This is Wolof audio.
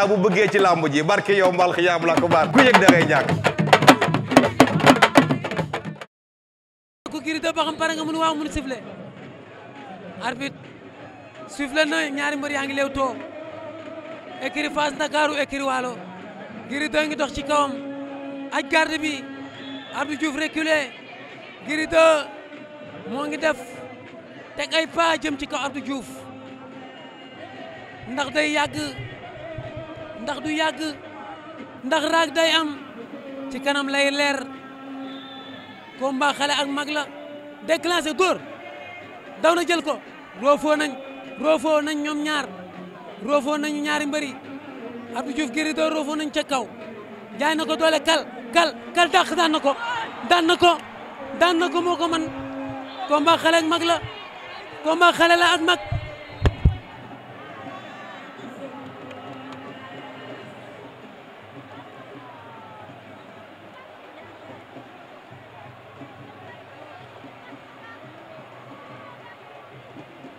naa bëggee ci làmb ji barke yow mbal xiyaam la ko baar ku yëg da ngay ñàkk ku kiri da ba xam pare nga mun waaw mun sifflé arbitre ngi leew too écurie Fass Ndakaaru écurie Waalo Gris 2 ngi dox ci kawam aj garde bi Abdou Diouf reculé Gris 2 moo ngi def teg ay pas jëm ci kaw Abdou Diouf ndax day yàgg ndax du yàgg ndax raag day am ci kanam lay leer combat xale ak mag la déclenché dóor daw na jël ko roofoo nañ roofoo nañ ñoom ñaar roofoo nañu ñaari mbëri Abdou Diouf Gris 2 roofoo nañ ca kaw jaay na ko doole kal kal kal dàq daan na ko daan na ko daan na ko moo ko man combat xale ak mag la combat xale la ak mag